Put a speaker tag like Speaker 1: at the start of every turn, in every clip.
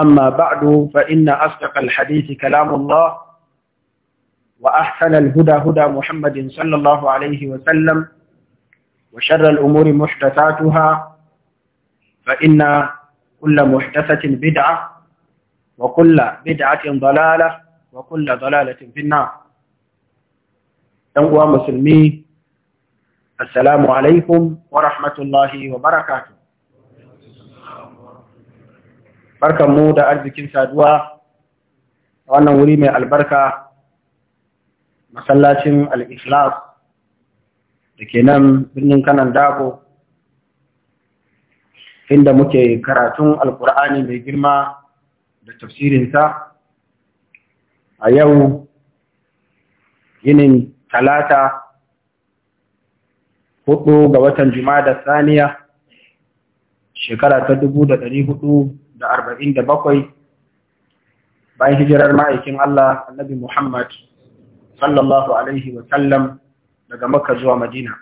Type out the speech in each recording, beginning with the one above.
Speaker 1: أما بعد فإن أصدق الحديث كلام الله وأحسن الهدى هدى محمد صلى الله عليه وسلم وشر الأمور محدثاتها فإن كل محدثة بدعة وكل بدعة ضلالة وكل ضلالة في النار تنقوى مسلمي السلام عليكم ورحمة الله وبركاته barkan mu da arzikin saduwa a wannan wuri mai albarka masallacin al-ikhlas da ke nan birnin kanan dago inda muke karatun alkur'ani mai girma da tafsirinsa a yau yinin talata hudu ga watan Juma da saniya shekara ta dubu da dari hudu da arba'in da bakwai bayan hijirar ma'aikin Allah annabi Muhammad sallallahu Alaihi wasallam daga maka zuwa Madina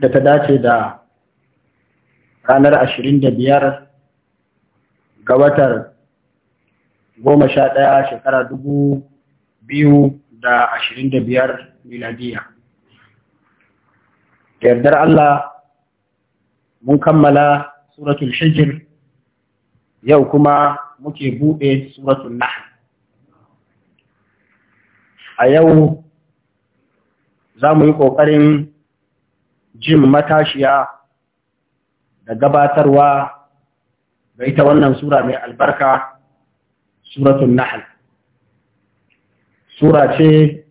Speaker 1: da ta dace da ranar ashirin da biyar ga watar goma sha ɗaya shekara dubu biyu da ashirin da biyar miladiya. yardar Allah mun kammala suratul hijir yau kuma muke buɗe suratun nahl a yau za mu yi ƙoƙarin jin matashiya da gabatarwa ga ita wannan sura mai albarka suratun nahl sura ce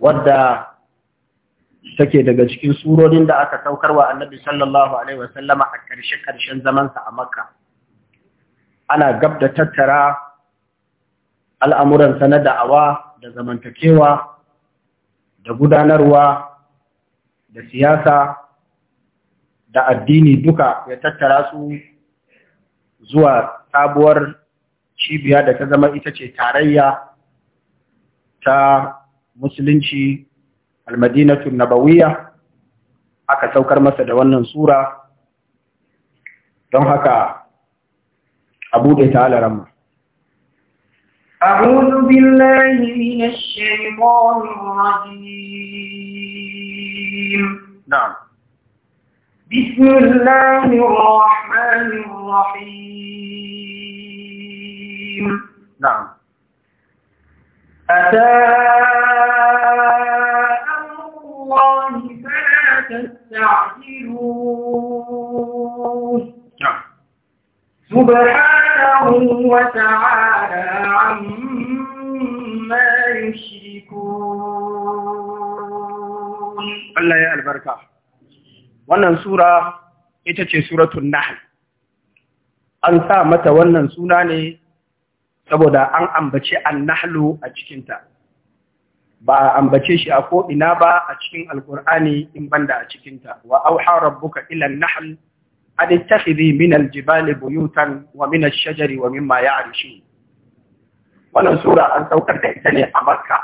Speaker 1: wadda take daga cikin surorin da aka saukarwa annabi sallallahu alaihi wasallama a ƙarshe-ƙarshen zamansa a makka ana gab da tattara al'amuransa na da'awa da zamantakewa da gudanarwa da siyasa da addini duka ya tattara su zuwa sabuwar cibiya da ta zama ita ce tarayya ta musulunci almadinatu nabawiya aka saukar masa da wannan sura don haka abu تعالى رمى
Speaker 2: أعوذ بالله من الشيطان الرجيم نعم بسم الله الرحمن الرحيم نعم أتى الله فلا تستعجلوه نعم سبحان وتعالى عما يشركون
Speaker 1: الله يا البركة wannan sura ita ce suratun nahl an sa mata wannan suna ne saboda an ambace annahlu a cikinta ba a ambace shi a ko'ina ba a cikin alkur'ani in banda a cikinta wa auha rabbuka ilan nahl an tafiri min aljibali buyutan wa min ash-shajari wa mimma ya'rishun wannan sura an saukar da ita ne a Makka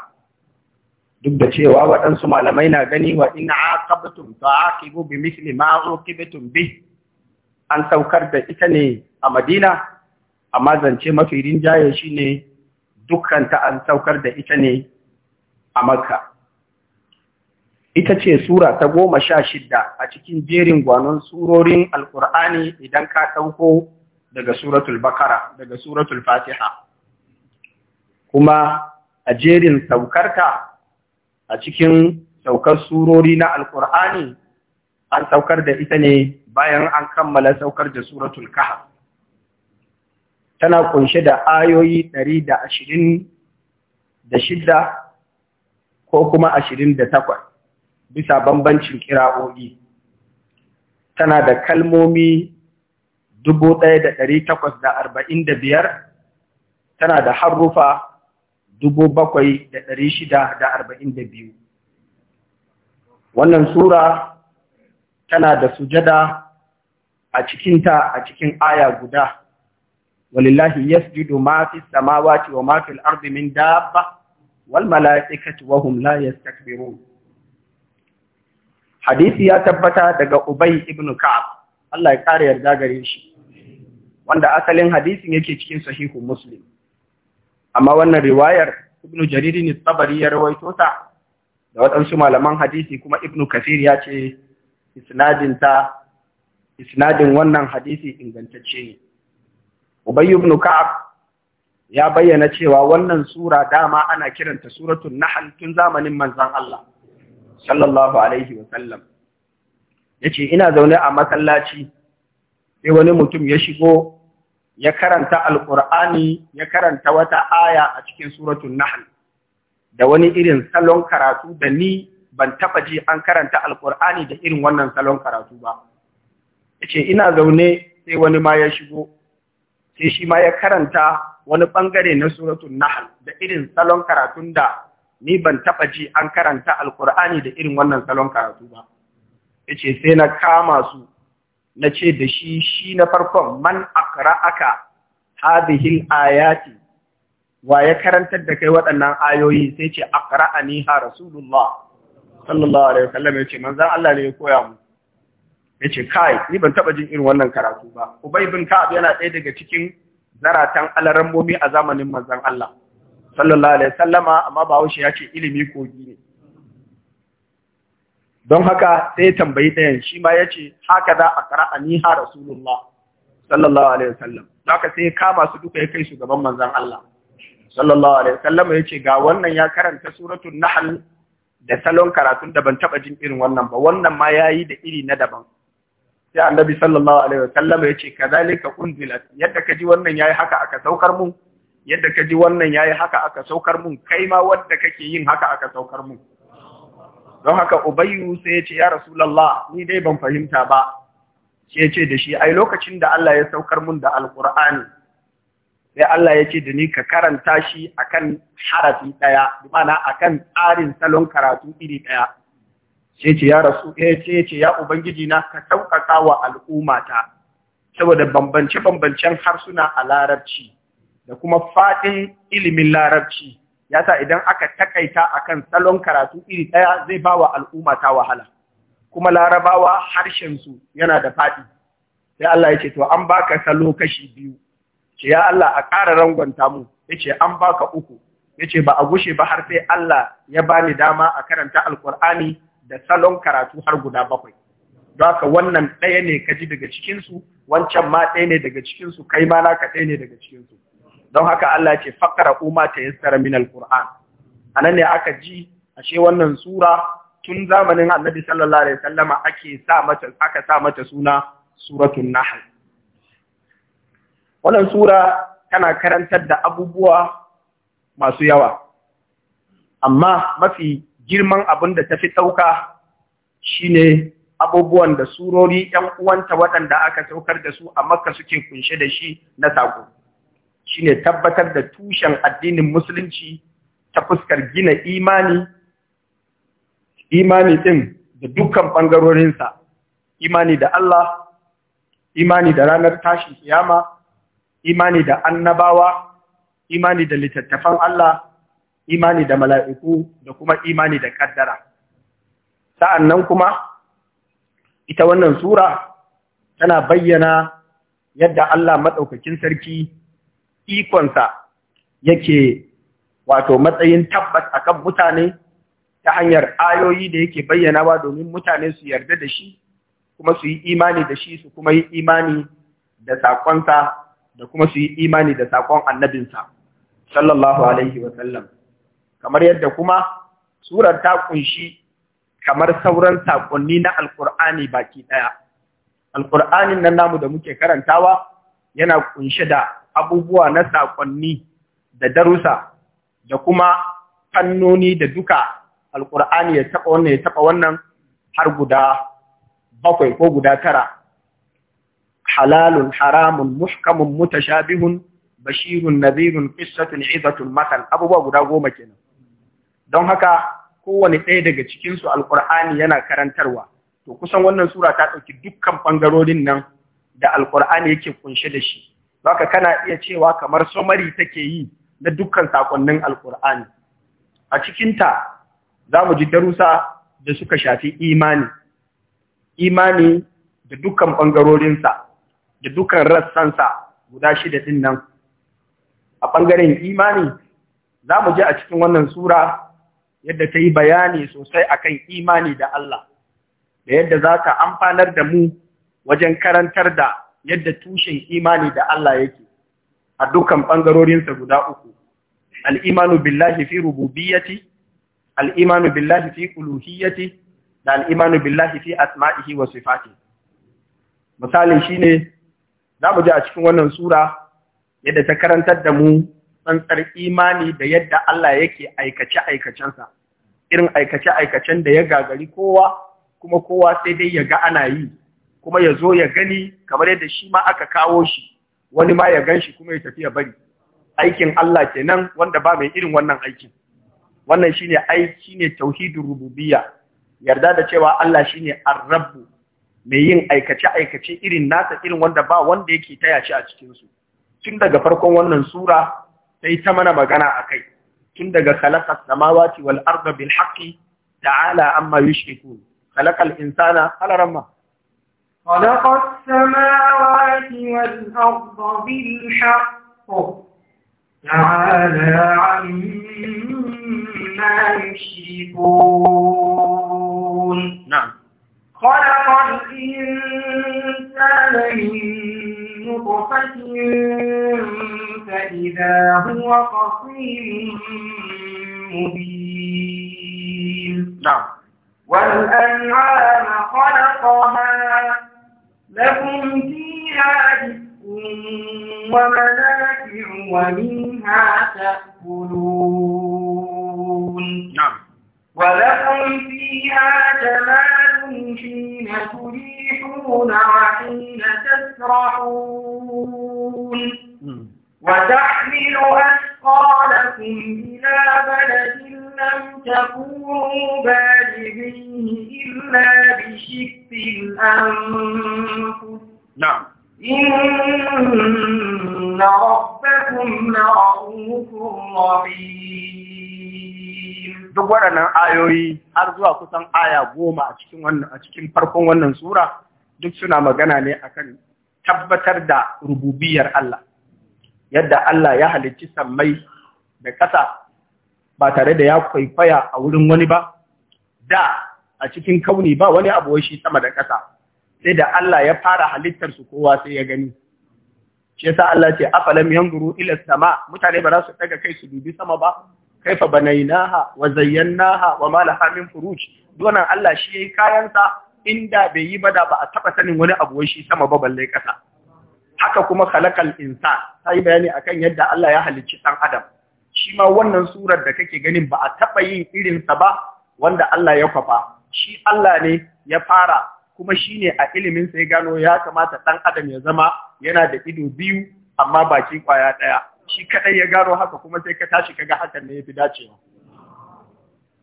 Speaker 1: duk da cewa waɗansu malamai na gani wa in aqabtum fa'aqibu bimithli ma uqibtum bi. an saukar da ita ne a Madina amma zance mafi rinjaye shine dukkan ta an saukar da ita ne a Makka ita ce sura ta goma sha shidda a cikin jerin gwanon surorin alkur'ani idan ka ɗauko daga suratul bakara daga suratul fatiha kuma a jerin saukarta a cikin saukar surori na alkur'ani an saukar da ita ne bayan an kammala saukar da suratul kaha tana kunshe da ayoyi ɗari da ashirin da shidda ko kuma ashirin da takwas bisa bambancin kira'o'i tana da kalmomi dubu ɗaya da ɗari takwas da arba'in da biyar tana da harufa dubu bakwai da ɗari shida da arba'in da biyu wannan sura tana da sujada a cikinta a cikin aya guda walillahi yasjudu ma fi samawati wa ma fil ardi min dabba wal malaikatu wa hum la yastakbirun hadisi ya tabbata daga Ubay ibn Ka'ab Allah ya kare yarda gare shi wanda asalin hadisin yake cikin sahihu Muslim amma wannan riwayar Ibn Jarir ne Tabari ya rawaito ta da waɗansu malaman hadisi kuma Ibn Kathir ya ce isnadin ta isnadin wannan hadisi ingantacce ne Ubay ibn Ka'ab ya bayyana cewa wannan sura dama ana kiranta suratul Nahl tun zamanin manzon Allah sallallahu alaihi wasallam ya ce ina zaune a masallaci sai wani mutum ya shigo ya karanta alkur'ani ya karanta wata aya a cikin suratun Nahal, da wani irin salon karatu da ni ban taba ji an karanta alkur'ani da irin wannan salon karatu ba ya ce ina zaune sai wani ma ya shigo sai shi ma ya karanta wani ɓangare na suratun Nahal da irin salon karatun da ni ban taɓa ji an karanta Alƙur'ani da irin wannan salon karatu ba yace sai na kama su na ce da shi shi na farkon man aka hadhihi ayati wa ya karantar da kai waɗannan ayoyi sai ce aqra'ani ha rasulullah sallallahu alaihi wasallam yace manzon Allah ne ya koya mu yace kai ni ban taɓa jin irin wannan karatu ba ubay bin ka'ab yana ɗaya daga cikin zaratan alarambomi a zamanin manzon Allah sallallahu alaihi sallama amma ba haushe ya ce ilimi kogi ne don haka sai tambayi ɗayan shi ma ya haka za a kara a niha rasulullah sallallahu alaihi sallam. haka sai kama su duka ya kai su gaban manzan Allah sallallahu alaihi wasallam ya ce ga wannan ya karanta suratun nahal da salon karatun da ban taba jin irin wannan ba wannan ma yayi da iri na daban sai annabi sallallahu alaihi sallama ya ce kazalika unzilat yadda ka ji wannan yayi haka aka saukar mu yadda ka ji wannan yayi haka aka saukar mun kai ma wadda kake yin haka aka saukar mun don haka ubayyu sai ya ce ya rasulullah ni dai ban fahimta ba sai ya ce da shi ai lokacin da Allah ya saukar mun da Alkur'ani. sai Allah ya ce da ni ka karanta shi akan harafi daya bi akan tsarin salon karatu iri daya sai ce ya rasu eh, sai ce ya ubangiji na ka sauƙaƙa wa al'ummata saboda bambance bambancen harsuna a larabci da kuma fadin ilimin larabci yasa idan aka takaita akan salon karatu iri ɗaya zai ba wa al'umma ta wahala kuma larabawa harshen su yana da fadi. sai Allah ya to an baka salo kashi biyu ce ya Allah a ƙara rangwanta mu Yace an baka uku Yace ba a gushe ba har sai Allah ya bani dama a karanta alkur'ani da salon karatu har guda bakwai don haka wannan ɗaya ne kaji ji daga cikinsu wancan ma ɗaya ne daga cikinsu kai ma naka ɗaya ne daga cikinsu don haka Allah ce fakara kuma ta yassara min A nan ne aka ji ashe wannan sura tun zamanin Annabi sallallahu alaihi wasallama ake sa mata aka sa mata suna suratul Nahal. wannan sura tana karantar da abubuwa masu yawa amma mafi girman abin da ta tafi dauka shine abubuwan da surori ‘yan uwanta waɗanda aka saukar da su a makka suke kunshe da shi na saƙo. shine tabbatar da tushen addinin musulunci ta fuskar gina imani imani din da dukkan ɓangarorinsa, imani da Allah imani da ranar tashin kiyama imani da annabawa imani da littattafan Allah imani da mala'iku da kuma imani da kaddara sa'annan kuma ita wannan sura tana bayyana yadda Allah maɗaukakin sarki ikonsa yake wato matsayin tabbas a kan mutane ta hanyar ayoyi da yake bayyanawa domin mutane su yarda da shi kuma su yi imani da shi su kuma yi imani da saƙonsa da kuma su yi imani da saƙon annabinsa sallallahu alaihi wasallam kamar yadda kuma surar ta kunshi kamar sauran saƙonni na alƙur'ani baki ɗaya alƙur'anin nan namu da muke karantawa yana kunshe da abubuwa na saƙonni da darusa da kuma fannoni da duka alƙur'ani ya taɓa wannan ya taɓa wannan har guda bakwai ko guda tara halalun haramun muhkamun mutashabihun bashirun nadhirun qissatun izatun matal abubuwa guda goma kenan don haka kowane ɗaya daga cikin su alƙur'ani yana karantarwa to kusan wannan sura ta ɗauki dukkan ɓangarorin nan da alƙur'ani yake kunshe da shi Zaka kana iya cewa kamar somari take yi na dukkan sakonnin Alƙur'ani. A cikinta za mu ji darussa da suka shafi imani, imani da dukkan ɓangarorinsa, da dukkan rassansa guda shida ɗin nan. A ɓangaren imani, za mu ji a cikin wannan Sura yadda ta yi bayani sosai akan imani da Allah, da yadda za ta amfanar da mu wajen karantar da yadda tushen imani da Allah yake a dukkan ɓangarorinsa guda uku al'imanu billahi fi rububiyyati al'imanu billahi fi uluhiyyati da al'imanu billahi fi asma'ihi wa sifati misalin ne, za mu ji a cikin wannan sura yadda ta karantar da mu tsantsar imani da yadda Allah yake aikace-aikacensa irin aikace-aikacen da ya gagari kowa kuma kowa sai dai ya ga ana yi kuma ya zo ya gani kamar yadda shi ma aka kawo shi wani ma ya gan shi kuma ya tafiya bari aikin Allah kenan wanda ba mai irin wannan aikin wannan shine aiki ne tauhidin rububiya. yarda da cewa Allah shine ar-rabb mai yin aikace aikace irin nasa irin wanda ba wanda yake taya shi a cikin su tun daga farkon wannan sura sai ta mana magana akai tun daga khalaqas samawati wal arda bil haqqi ta'ala amma yushrikun khalaqal insana alaramma خلق
Speaker 2: السماوات والأرض بالحق تعالى عما يشركون نعم خلق الإنسان من نطفة فإذا هو خصيم مبين نعم والأنعام خلقها لكم فيها جسم ومنافع ومنها تأكلون نعم ولكم فيها جمال حين تريحون وحين تسرحون وتحمل أثقالكم إلى بلد لم تكونوا بالغيه إلا بشق الأنفس نعم إن ربكم لرؤوف رحيم
Speaker 1: duk waɗannan ayoyi har zuwa kusan aya goma a cikin wannan a cikin farkon wannan sura duk suna magana ne akan tabbatar da rububiyar Allah yadda Allah ya halicci sammai da ƙasa ba tare da ya kwaifaya a wurin wani ba da a cikin kauni ba wani abu shi sama da ƙasa sai da Allah ya fara halittar su kowa sai ya gani shi yasa Allah ce afalam guru ila sama mutane ba za su daga kai su dubi sama ba kaifa banainaha wa naha wa ma laha min furuj donan Allah shi ya yi kayansa inda bai yi bada ba a taba sanin wani abu shi sama ba balle kasa haka kuma khalaqal ta yi bayani akan yadda Allah ya halicci ɗan adam shi ma wannan surar da kake ganin ba a taɓa yin irinsa ba wanda Allah ya kwafa shi Allah ne ya fara kuma shi ne a ilimin ya gano ya kamata ɗan adam ya zama yana da ido biyu amma baki kwaya ɗaya shi kaɗai ya gano haka kuma sai ka tashi kaga hakan ne ya fi dacewa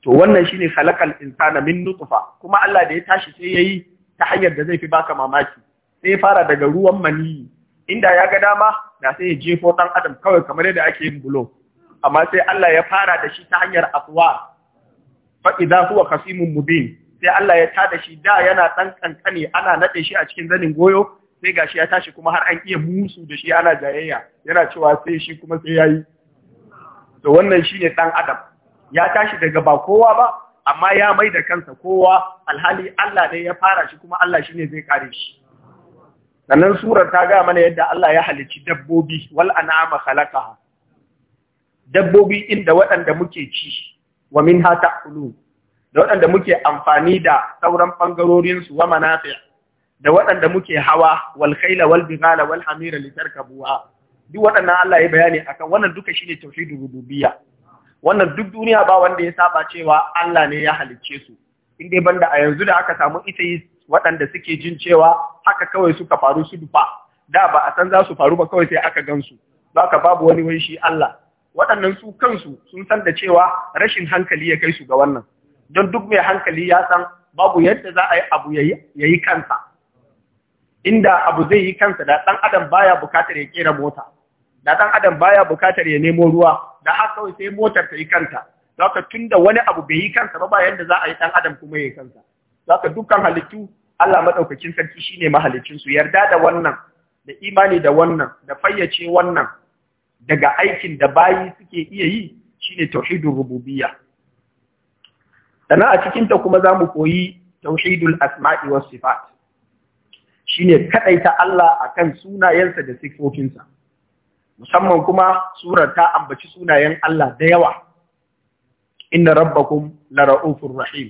Speaker 1: to wannan shine khalaqal insana min nutfa kuma Allah da ya tashi sai yi ta hanyar da zai fi baka mamaki sai ya fara daga ruwan maniyi inda ya ga dama da sai ya jefo ɗan adam kawai kamar yadda ake yin bulo amma sai Allah ya fara da shi ta hanyar afwa fa idza huwa khasimun mubin sai Allah ya tada shi da yana dan kankane ana nade shi a cikin zanin goyo sai gashi ya tashi kuma har an iya musu da shi ana jayayya yana cewa sai shi kuma sai yayi to wannan shine dan adam ya tashi daga ba kowa ba amma ya mai da kansa kowa alhali Allah ne ya fara shi kuma Allah shine zai kare shi sannan surar ta ga mana yadda Allah ya halicci dabbobi wal an'ama khalaqaha dabbobi inda waɗanda muke ci wa min hata da waɗanda muke amfani da sauran ɓangarorinsu wa manafi da waɗanda muke hawa wal khaila wal bighala wal hamira li duk waɗannan Allah ya bayani akan wannan duka shine tauhidur rububiyya wannan duk duniya ba wanda ya saba cewa Allah ne ya halicce su in dai banda a yanzu da aka samu ita yi waɗanda suke jin cewa haka kawai suka faru su dufa da ba a san za su faru ba kawai sai aka gansu ba ka babu wani wai shi Allah waɗannan su kansu sun san da cewa rashin hankali ya kai su ga wannan don duk mai hankali ya san babu yadda za a yi abu ya yi kansa inda abu zai yi kansa da ɗan adam baya bukatar ya kera mota da ɗan adam baya bukatar ya nemo ruwa da haka kawai sai motar ta yi kanta ka tun da wani abu bai yi kansa ba ba yadda za a yi ɗan adam kuma ya yi kansa zaka dukkan halittu Allah maɗaukacin sarki shine mahalicin su yarda da wannan da imani da wannan da fayyace wannan daga aikin da bayi suke iya yi shine tauhidul rububiyya sannan a cikin ta kuma zamu koyi tauhidul asma'i was sifat shine kadaita Allah akan sunayensa da sifofinsa musamman kuma surar ta ambaci sunayen Allah da yawa inna rabbakum lara'ufur rahim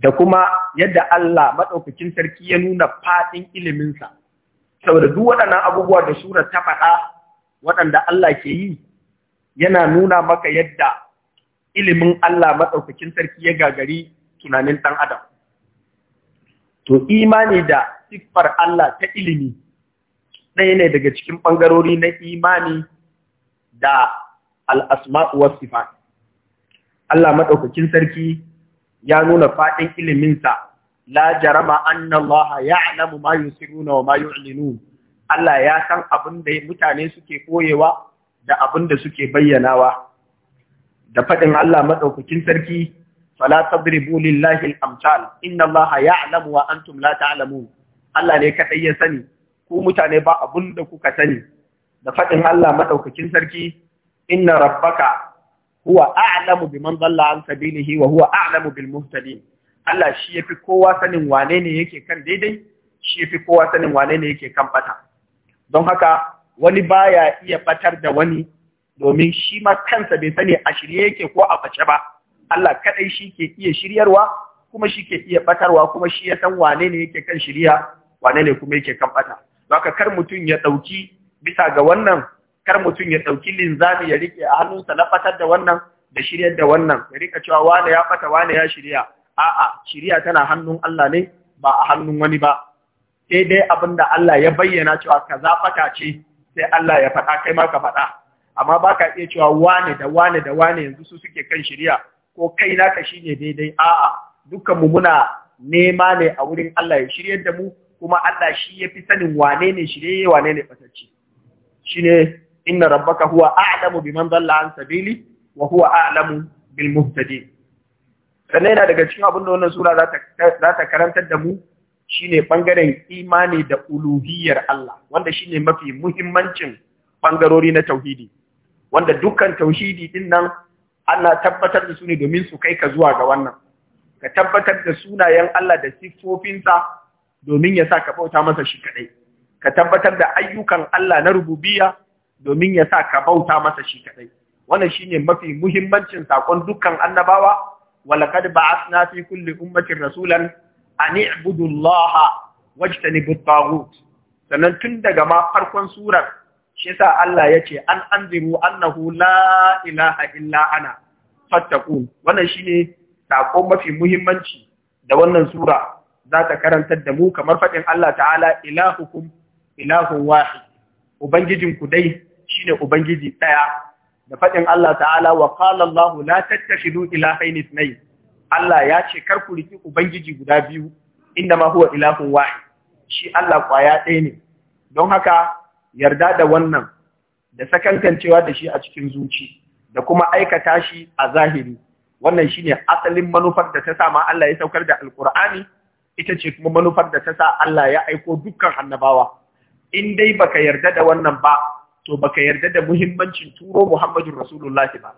Speaker 1: da kuma yadda Allah Madaukakin sarki ya nuna faɗin iliminsa, saboda duk waɗannan abubuwa da surar ta faɗa waɗanda Allah ke yi yana nuna maka yadda ilimin Allah matsaukakin sarki ya gagari tunanin ɗan adam. To imani da siffar Allah ta ilimi ɗaya ne daga cikin ɓangarori na imani da al'asma'uwar sifa Allah matsaukakin sarki ya nuna faɗin iliminsa, la jarama annan Allah ya alamu ma yusiruna wa ma yu'linun Allah ya san abin da mutane suke koyewa da abin da suke bayyanawa da faɗin Allah maɗaukakin sarki fala tadribu lillahi al inna Allah ya'lamu wa antum la Allah ne kadai ya sani ku mutane ba abin da kuka sani da faɗin Allah maɗaukakin sarki inna rabbaka huwa a'lamu biman dalla an sabilihi wa huwa a'lamu bil muhtadin Allah shi yafi kowa sanin wane ne yake kan daidai shi yafi kowa sanin wane ne yake kan bata don haka wani baya iya batar da wani domin shi ma kansa bai sani a shirye yake ko a fashe ba Allah kadai shi ke iya shiryarwa kuma shi ke iya batarwa kuma shi ya san wane ne yake kan shirya wane ne kuma yake kan bata haka kar mutum ya dauki bisa ga wannan kar mutum ya dauki linzami ya rike a hannunsa na batar da wannan da shiryar da wannan ya rika cewa wane ya fata wane ya shirya a'a shirya tana hannun Allah ne ba a hannun wani ba sai dai abin da Allah ya bayyana cewa kaza fata ce sai Allah ya faɗa kai ma ka faɗa amma ba ka iya cewa wane da wane da wane yanzu su suke kan shirya ko kai naka shine daidai a'a dukkanmu muna nema ne a wurin Allah ya shiryar da mu kuma Allah shi ya fi sanin wane ne shirye wane ne fatacce shine inna rabbaka huwa a'lamu biman dalla an sabili wa huwa a'lamu bil muhtadin sannan yana daga cikin abin da wannan sura za ta karantar da mu Shi ne ɓangaren imani da uluhiyar Allah wanda shi ne mafi muhimmancin ɓangarori na tauhidi wanda dukkan tauhidi ɗin nan ana tabbatar da su ne domin su kai ka zuwa ga wannan ka tabbatar da sunayen Allah da siffofinsa domin ya sa ka bauta masa shi kadai ka tabbatar da ayyukan Allah na rububiya domin ya sa ka bauta masa shi kadai wannan ne mafi muhimmancin saƙon dukkan annabawa walaqad ba'athna fi kulle ummatin rasulan an ibudullaha wajtanibu tagut sannan tun daga ma farkon surar shi Allah Allah yace an anziru annahu la ilaha illa ana fattaqun wannan shine sako mafi muhimmanci da wannan sura za ta karantar da mu kamar fadin Allah ta'ala ilahukum ilahun wahid ubangijinku dai shine ubangiji daya da fadin Allah ta'ala wa qala Allah la tattakhidu ilahayn ithnayn Allah ya ce kar ku ubangiji guda biyu inda ma huwa ilahun wahid shi Allah kwaya ɗaya ne don haka yarda da wannan da sakantancewa da shi a cikin zuci da kuma aikata shi a zahiri wannan shine asalin manufar da ta sa ma Allah ya saukar da alkur'ani ita ce kuma manufar da ta sa Allah ya aiko dukkan annabawa in dai baka yarda da wannan ba to baka yarda da muhimmancin turo Muhammadu Rasulullahi ba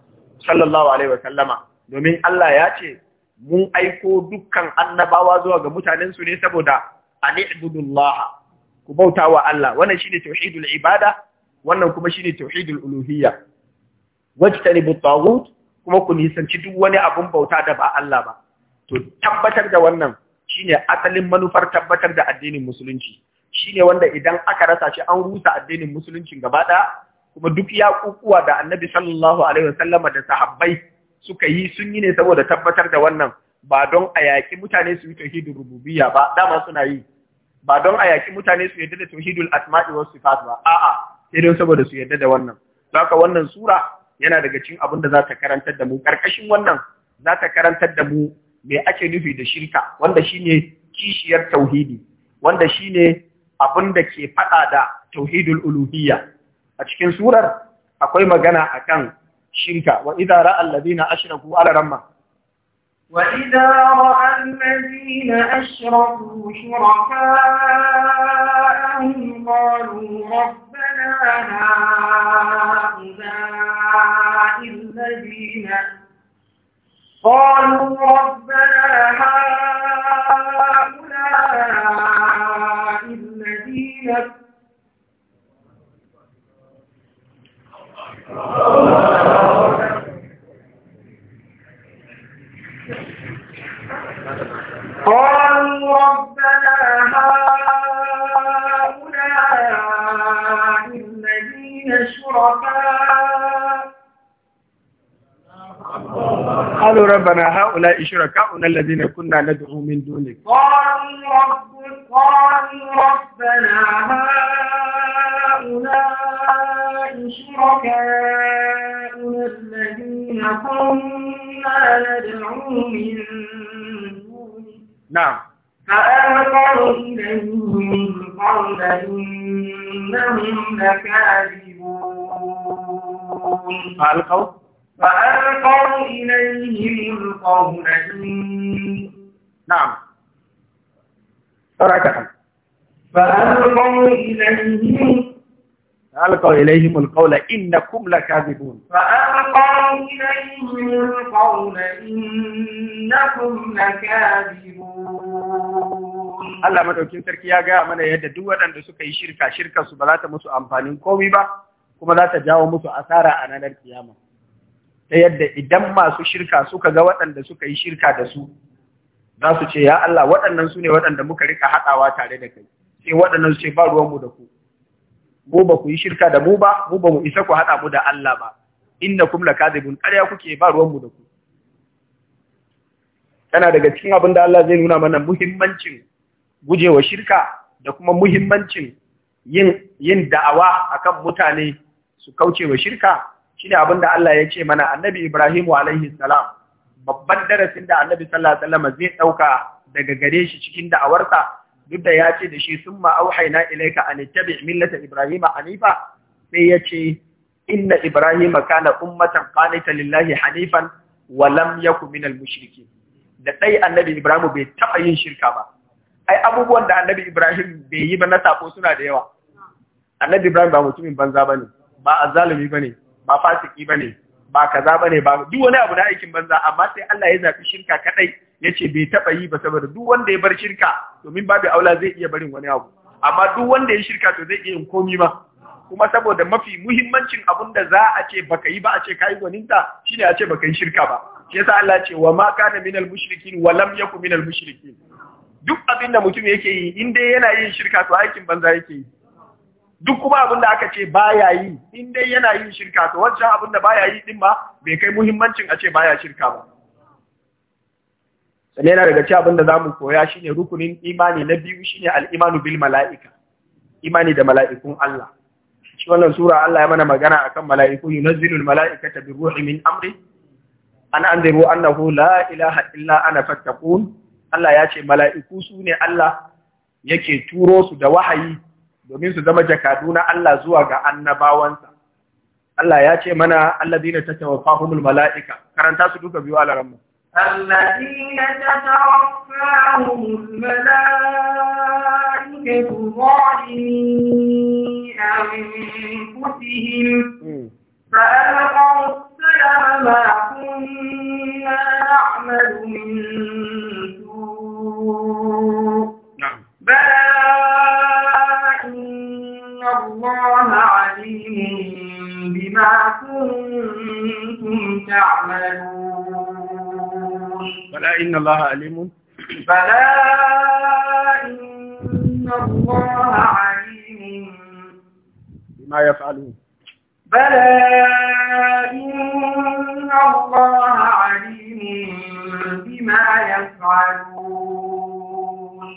Speaker 1: sallallahu alaihi wa sallama domin Allah ya ce mun aiko dukkan annabawa zuwa ga mutanensu ne saboda ani'budullah ku bauta wa Allah wannan shine tauhidul ibada wannan kuma shine tauhidul uluhiyya wajtanibut taghut kuma ku nisanci duk wani abun bauta da ba Allah ba to tabbatar da wannan shine asalin manufar tabbatar da addinin musulunci shine wanda idan aka rasa shi an rusa addinin musulunci gaba kuma duk yaƙuƙuwa da annabi sallallahu alaihi wasallama da sahabbai suka yi sun yi ne saboda tabbatar da wannan ba don a yaƙi mutane su yi tauhidul rububiyya ba dama suna yi ba don a yaƙi mutane su yadda da tauhidul asma'i wa sifat ba a'a sai dai saboda su yadda da wannan haka wannan sura yana daga cikin abin da za ta karantar da mu karkashin wannan za ta karantar da mu me ake nufi da shirka wanda shine kishiyar tauhidi wanda shine abin da ke faɗa da tauhidul uluhiyya a cikin surar akwai magana akan شركا وإذا رأى الذين أشركوا على رمى
Speaker 2: وَإِذَا رَأَى الَّذِينَ أَشْرَكُوا شُرَكَاءَهُمْ قَالُوا رَبَّنَا هَؤُلَاءِ الَّذِينَ قَالُوا رَبَّنَا هَؤُلَاءِ
Speaker 1: قالوا ربنا هؤلاء شركاؤنا الذين كنا ندعو من دونك
Speaker 2: قالوا رب قالوا ربنا هؤلاء شركاؤنا الذين كنا ندعو من دونك نعم فألقوا إليهم القول إنهم لكاذبون فألقوا فألقوا إليهم القول نعم
Speaker 1: فألقوا
Speaker 2: إليهم
Speaker 1: فألقوا إليهم القول إنكم لكاذبون
Speaker 2: فألقوا إليهم القول إنكم لكاذبون Allah
Speaker 1: madaukin sarki ya gaya mana yadda duk waɗanda suka yi shirka shirka su ba za ta musu amfanin komai ba kuma za ta jawo musu asara a ranar kiyama. ta yadda idan masu shirka suka ga waɗanda suka yi shirka da su za su ce ya Allah waɗannan su ne waɗanda muka rika haɗawa tare da kai sai waɗannan su ce ba ruwanmu da ku mu ba ku yi shirka da mu ba mu ba mu isa ku haɗa mu da Allah ba innakum lakadibun ƙarya kuke ba ruwanmu da ku Tana daga cikin abin da Allah zai nuna mana muhimmancin gujewa shirka da kuma muhimmancin yin yin da'awa akan mutane su kauce wa shirka shine abin da Allah ya ce mana annabi Ibrahim alaihi salam babban darasin da annabi sallallahu alaihi wasallam zai dauka daga gare shi cikin da'awarsa duk da ya ce da shi summa auhayna ilayka an tabi' millata Ibrahim hanifa sai ya ce inna Ibrahim kana ummatan qanita lillahi hanifan wa lam yakun minal mushrikin da dai annabi Ibrahim bai taba yin shirka ba ai abubuwan da annabi Ibrahim bai yi ba na sako suna da yawa annabi Ibrahim ba mutumin banza bane ba azalumi bane ba fasiki bane ba kaza bane ba duk wani abu na aikin banza amma sai Allah ya zabi shirka kadai yace bai taba yi ba saboda duk wanda ya bar shirka domin babu aula zai iya barin wani abu amma duk wanda ya shirka to zai iya yin komi ma kuma saboda mafi muhimmancin abun da za a ce baka yi ba a ce kai gwaninta shine a ce baka yi shirka ba shi yasa Allah ce wa ma kana minal mushrikin wa lam yakun minal mushrikin duk abin da mutum yake yi in dai yana yin shirka to aikin banza yake yi duk kuma abin da aka ce baya yi in dai yana yin shirka to wancan abin da baya yi din ma bai kai muhimmancin a ce baya shirka ba sannan yana daga ci abin da zamu koya shine rukunin imani na biyu shine Al'imanu imanu bil mala'ika imani da mala'ikun Allah shi wannan sura Allah ya mana magana akan mala'iku yunazzilu al-mala'ikata bi ruhi min amri an anziru annahu la ilaha illa ana fattaqun Allah ya ce mala'iku su ne Allah yake turo su da wahayi domin su zama jakadu na Allah zuwa ga annabawansa Allah ya ce mana alladina tatawaffahumul mala'ika karanta su duka biyu alaran mu
Speaker 2: alladina tatawaffahumul mala'ikatu zalimi anfusihim فألقوا hmm. الله عليم بما كنتم تعملون فلا
Speaker 1: إن الله عليم فلا
Speaker 2: إن الله عليم بما يفعلون بلى إن الله عليم بما يفعلون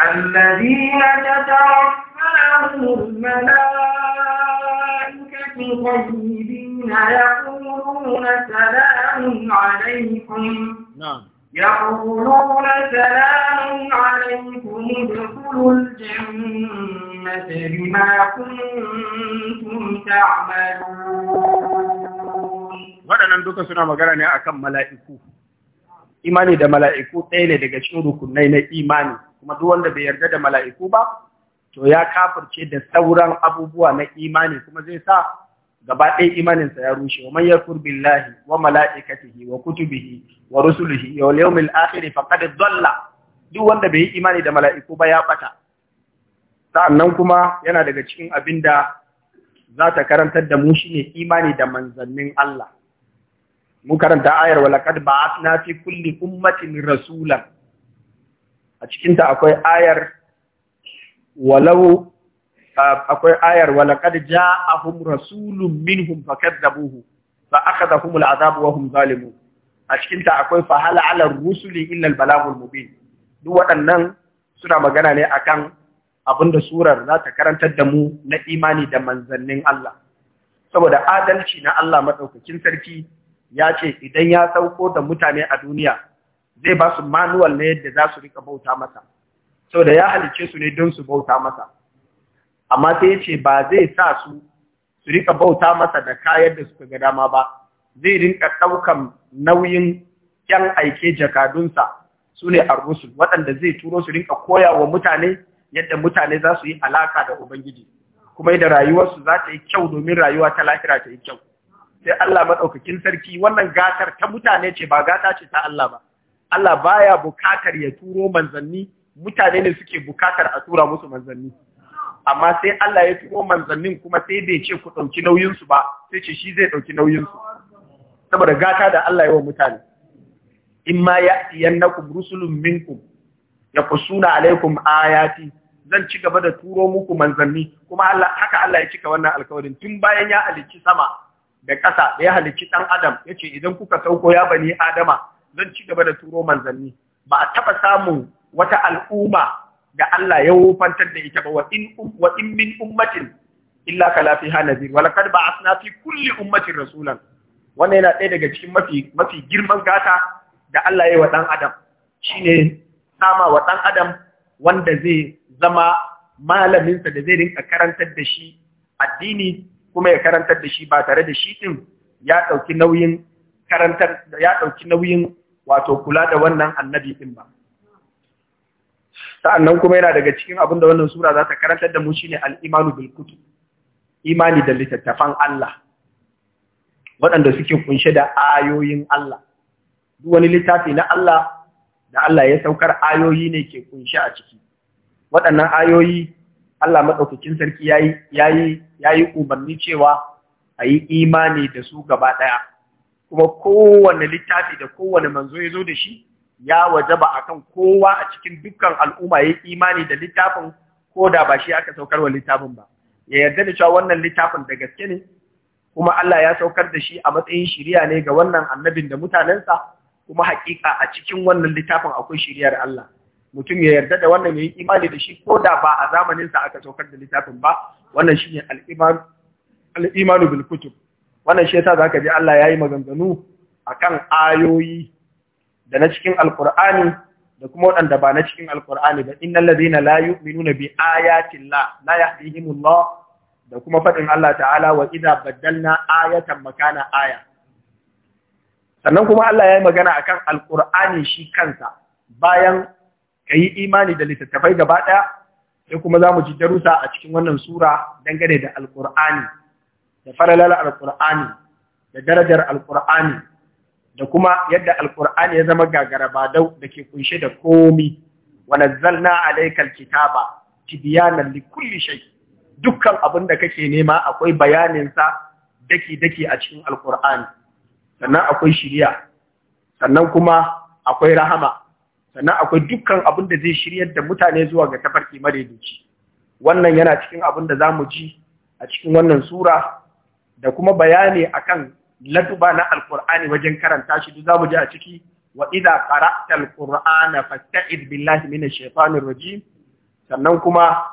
Speaker 2: الذين تتوفى يقولون سلام عليكم ادخلوا الجنة
Speaker 1: بما
Speaker 2: كنتم تعملون
Speaker 1: waɗannan duka suna magana ne akan mala'iku imani da mala'iku ɗaya ne daga cikin rukunai na imani kuma duk wanda bai yarda da mala'iku ba to ya kafirce da sauran abubuwa na imani kuma zai sa gaba ɗaya imaninsa ya rushe wa man yakfur billahi wa mala'ikatihi wa kutubihi wa rusulihi wa yawmil akhir faqad dhalla duk wanda bai yi imani da mala'iku ba ya bata sa'annan kuma yana daga cikin abinda za ta karantar da mu shine imani da manzannin Allah mu karanta ayar wa laqad ba'athna fi kulli ummatin rasulan a cikinta akwai ayar walau akwai ayar walaqad ja'ahum rasulun minhum fakadzabuhu fa akhadhahum al'adabu wa hum zalimun a cikin ta akwai fa hal 'ala rusuli illa al-balagul mubin duk waɗannan suna magana ne akan abinda surar za ta karantar da mu na imani da manzannin Allah saboda adalci na Allah madaukakin sarki ya ce idan ya sauko da mutane a duniya zai ba su manual ne yadda za su rika bauta masa Sau da ya halicce su ne don su bauta masa amma sai ya ce ba zai sa su su rika bauta masa da kayan da suka ga dama ba zai rinka ɗaukan nauyin yan aike jakadunsa su ne arrusul waɗanda zai turo su rinka koya wa mutane yadda mutane za su yi alaka da ubangiji kuma yadda rayuwarsu za ta yi kyau domin rayuwa ta lahira ta yi kyau sai Allah maɗaukakin sarki wannan gatar ta mutane ce ba gata ce ta Allah ba Allah baya bukatar ya turo manzanni mutane ne suke bukatar a tura musu manzanni amma sai Allah ya tuko manzannin kuma sai bai ce ku ɗauki nauyinsu ba sai ce shi zai ɗauki nauyinsu saboda gata da Allah ya wa mutane in ma ya yannakum rusulun minkum yaqussuna alaikum ayati zan ci gaba da turo muku manzanni kuma Allah haka Allah ya cika wannan alƙawarin tun bayan ya halicci sama da ƙasa da ya halicci ɗan adam yace idan kuka sauko ya bani adama zan ci gaba da turo manzanni ba a taɓa samun wata al'umma da Allah ya wufantar da ita ba um, wa in min ummatin illa kala fi hanazir wa laqad ba'athna fi kulli ummatin rasulan wannan yana ɗaya daga cikin mafi mafi girman gata da Allah ya wa dan adam shine sama wa dan adam wanda zai zama malamin sa da zai rinka karantar da shi addini kuma ya karantar da shi ba tare da shi din ya dauki nauyin karantar ya dauki nauyin wato kula da wannan annabi din ba sa'annan kuma yana daga cikin abin da wannan sura za ta karantar da mu shine ne al’imanu imani da littattafan Allah waɗanda suke kunshe da ayoyin Allah duk wani littafi na Allah da Allah ya saukar ayoyi ne ke kunshe a ciki waɗannan ayoyi Allah maɗaukakin sarki ya yi umarni cewa a yi imani da su gaba ɗaya, kuma kowane littafi da kowane manzo ya zo da shi, ya wajaba akan kowa a cikin dukkan al'umma yayi imani da littafin ko da ba shi aka saukar wa littafin ba ya yarda da cewa wannan littafin da gaske ne kuma Allah ya saukar da shi a matsayin shiriya ne ga wannan annabin da mutanensa kuma hakika a cikin wannan littafin akwai shiriyar Allah mutum ya yarda da wannan yayi imani da shi ko da ba a zamanin sa aka saukar da littafin ba wannan shine al-iman al imanu bil kutub wannan shi yasa zaka ji Allah yayi maganganu akan ayoyi da na cikin alkur'ani da kuma waɗanda ba na cikin alkur'ani ba innal ladina la yu'minuna bi ayatin la la yahdihimullah da kuma faɗin Allah ta'ala wa idza baddalna ayatan makana aya sannan kuma Allah ya yi magana akan alkur'ani shi kansa bayan yi imani da littattafai gaba ɗaya sai kuma za mu ji darusa a cikin wannan sura dangane da alkur'ani da falalar alkur'ani da darajar alkur'ani da kuma yadda alkur'ani ya zama gagara badau da ke kunshe da komi wa nazzalna alaykal kitaba tibyanan likulli shay dukkan abin da kake nema akwai bayaninsa sa daki daki a cikin alkur'ani sannan akwai shiriya sannan kuma akwai rahama sannan akwai dukkan abin da zai shiryar da mutane zuwa ga tafarki duci wannan yana cikin abin da za mu ji a cikin wannan sura da kuma bayani akan Latuba na alqur'ani wajen karanta shi duk zamu ji a ciki wa idza qara'ta alqur'ana fasta'id billahi minash shaitanir rajim sannan kuma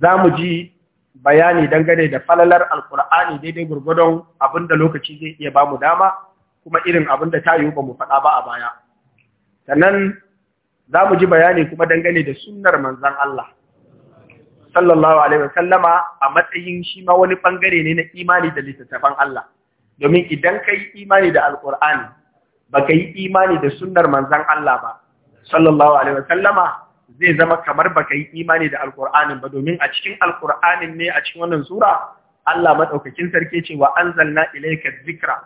Speaker 1: zamu ji bayani dangane da falalar alqur'ani daidai gurgudun abinda lokaci zai iya bamu dama kuma irin abinda ta yiwu ba mu faɗa ba a baya sannan zamu ji bayani kuma dangane da sunnar manzon Allah sallallahu alaihi wasallama a matsayin shi ma wani bangare ne na imani da littattafan Allah domin idan ka yi imani da alkur'ani ba ka yi imani da sunnar manzan Allah ba sallallahu alaihi wasallama zai zama kamar ba ka yi imani da alkur'ani ba domin a cikin alkur'ani ne a cikin wannan sura Allah madaukakin sarki ce wa anzalna ilayka dhikra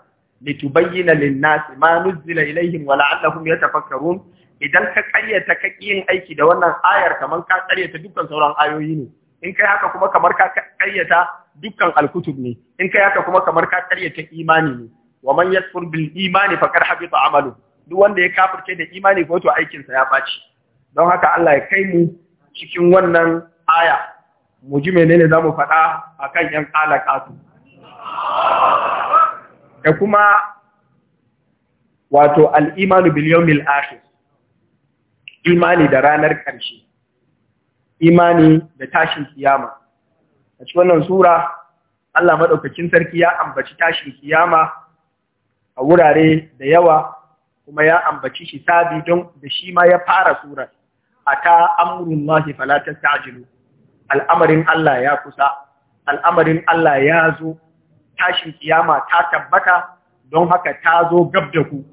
Speaker 1: litubayyana lin-nasi ma nuzila ilayhim wa la'allahum yatafakkarun idan ka ƙaryata ka yin aiki da wannan ayar kamar ka ƙaryata dukkan sauran ayoyi ne in kai haka kuma kamar ka ƙaryata dukkan alkutub ne in kai haka kuma kamar ka ƙaryata imani ne wa man yakfur bil imani faqad habita amalu duk wanda ya kafirce da imani ko to aikin sa ya baci don haka Allah ya kai mu cikin wannan aya mu ji menene zamu faɗa akan yan alaqatu da kuma wato al-imanu bil yawmil akhir imani da ranar ƙarshe imani da tashin kiyama a cikin wannan sura Allah madaukakin sarki ya ambaci tashin kiyama a wurare da yawa kuma ya ambaci shi sabi don da shi ma ya fara surar ta amrun lahi falatar tajilu al'amarin Allah ya kusa al'amarin Allah ya zo tashin kiyama ta tabbata don haka ta zo gab da ku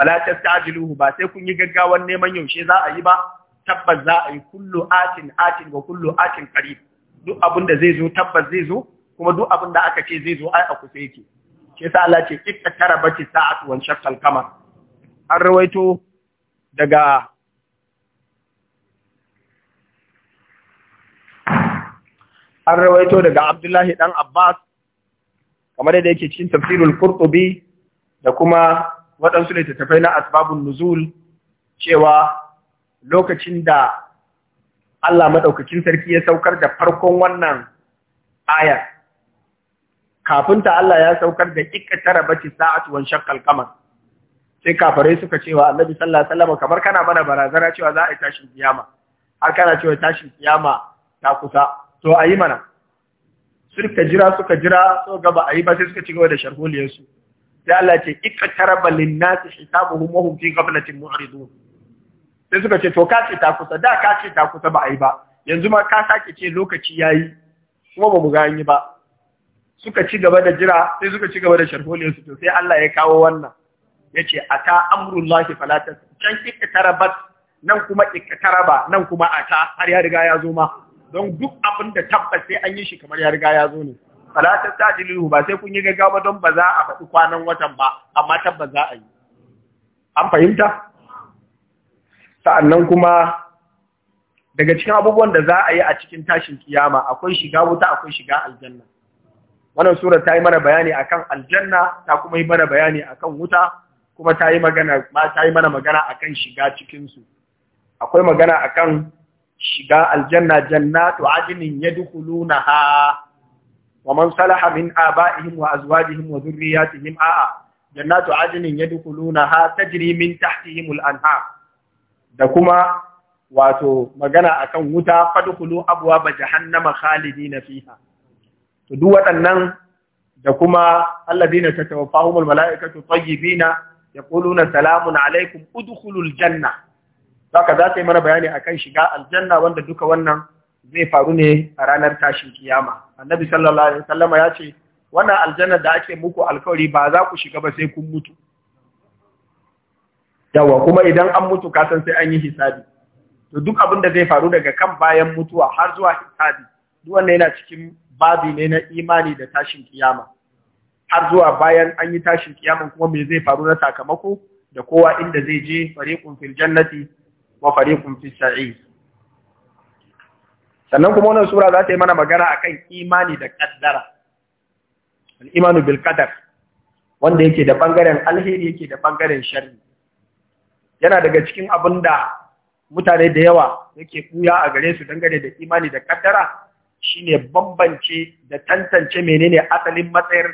Speaker 1: wala tastajiluhu ba sai kun yi gaggawan neman yaushe za a yi ba tabbas za a yi kullu atin atin wa kullu atin qarib duk abin da zai zo tabbas zai zo kuma duk abin da aka ce zai zo ai a kusa yake shi yasa Allah ce kitta tarabati sa'at wan shaqqal qamar an rawaito daga an rawaito daga Abdullahi dan Abbas kamar da yake cikin tafsirul Qurtubi da kuma waɗansu littattafai na asbabun nuzul cewa lokacin da Allah maɗaukakin sarki ya saukar da farkon wannan aya kafin ta Allah ya saukar da ikkatara bace sa'atu wan shaqqal qamar sai kafarai suka cewa Annabi sallallahu alaihi wasallam kamar kana mana barazana cewa za a yi tashin kiyama har kana cewa tashin kiyama ta kusa to ayi mana sirka jira suka jira so gaba ayi ba sai suka ci gaba da sharholiyar su sai Allah ce iqtaraba lin-nasi hisabuhum wa hum fi ghaflatin mu'ridun sai suka ce to ka ce ta kusa da ka ce ta kusa ba ai ba yanzu ma ka sake ce lokaci yayi kuma ba mu gani ba suka ci gaba da jira sai suka ci gaba da sharholiyar su to sai Allah ya kawo wannan yace ata amrullahi fala tas can iqtarabat nan kuma nan kuma ata har ya riga ya zo ma don duk abin da tabbas sai an yi shi kamar ya riga ya zo ne ta tastajiluhu ba sai kun yi gaggawa don ba za a faɗi kwanan watan ba amma tabba za a yi an fahimta sa'annan kuma daga cikin abubuwan da za a yi a cikin tashin kiyama akwai shiga wuta akwai shiga aljanna wannan sura ta yi mana bayani akan aljanna ta kuma yi mana bayani akan wuta kuma ta yi magana ma ta yi mana magana akan shiga cikin su akwai magana akan shiga aljanna jannatu adnin yadkhulunaha wa man salaha min aba'ihim wa azwajihim wa dhurriyyatihim a'a jannatu adnin yadkhulunaha tajri min tahtihim al-anhar da kuma wato magana akan wuta fadkhulu abwaaba jahannama khalidina fiha to duk waɗannan da kuma alladina tatawaffahumul mala'ikatu tayyibina na salamun alaikum udkhulul janna zaka za ta yi mana bayani akan shiga aljanna wanda duka wannan zai faru ne a ranar tashin kiyama annabi sallallahu alaihi wasallama ya ce wannan aljanna da ake muku alkawari ba za ku shiga ba sai kun mutu yawa kuma idan an mutu ka san sai an yi hisabi to duk abin da zai faru daga kan bayan mutuwa har zuwa hisabi duk wannan yana cikin babi ne na imani da tashin kiyama har zuwa bayan an yi tashin kiyama kuma me zai faru na sakamako da kowa inda zai je fariqun fil jannati wa fariqun fis sa'ir sannan kuma wannan sura za ta yi mana magana akan imani da kaddara al-imanu Bilkadar, wanda yake da bangaren alheri yake da bangaren shari yana daga cikin abin da mutane da yawa yake kuya a gare su dangane da imani da kaddara ne bambance da tantance menene asalin matsayar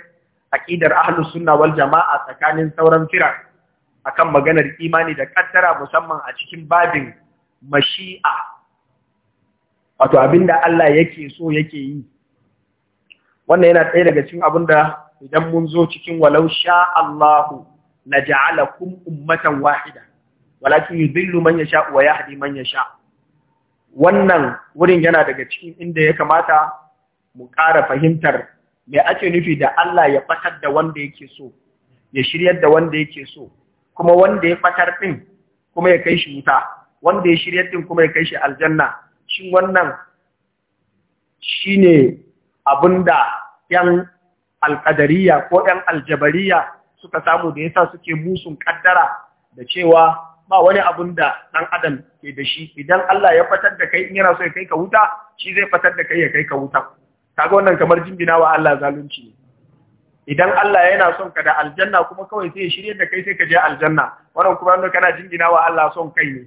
Speaker 1: aƙidar ahalus suna wal jamaa tsakanin sauran fira akan maganar imani da ƙaddara musamman a cikin babin mashi'a wato abinda Allah yake so yake yi wannan yana ɗaya daga cikin abinda idan mun zo cikin walau sha Allahu na ja'alakum ummatan wahida walakin yudhillu man yasha wa yahdi man yasha wannan wurin yana daga cikin inda ya kamata mu ƙara fahimtar me ake nufi da Allah ya fatar da wanda yake so ya shiryar da wanda yake so kuma wanda ya fatar din kuma ya kai shi wuta wanda ya shiryar din kuma ya kai shi aljanna shi wannan shi ne da ‘yan alƙadariya ko ‘yan aljabariya suka samu da yasa suke musun ƙaddara da cewa ba wani abun da ɗan adam ke da shi idan Allah ya fatar da kai in yana so ya kai ka wuta shi zai fatar da kai ya kai ka wuta kaga wannan kamar jimbina wa Allah zalunci ne idan Allah yana son ka da aljanna kuma kawai sai ya shirye da kai sai ka je aljanna wannan kuma kana jimbina wa Allah son kai ne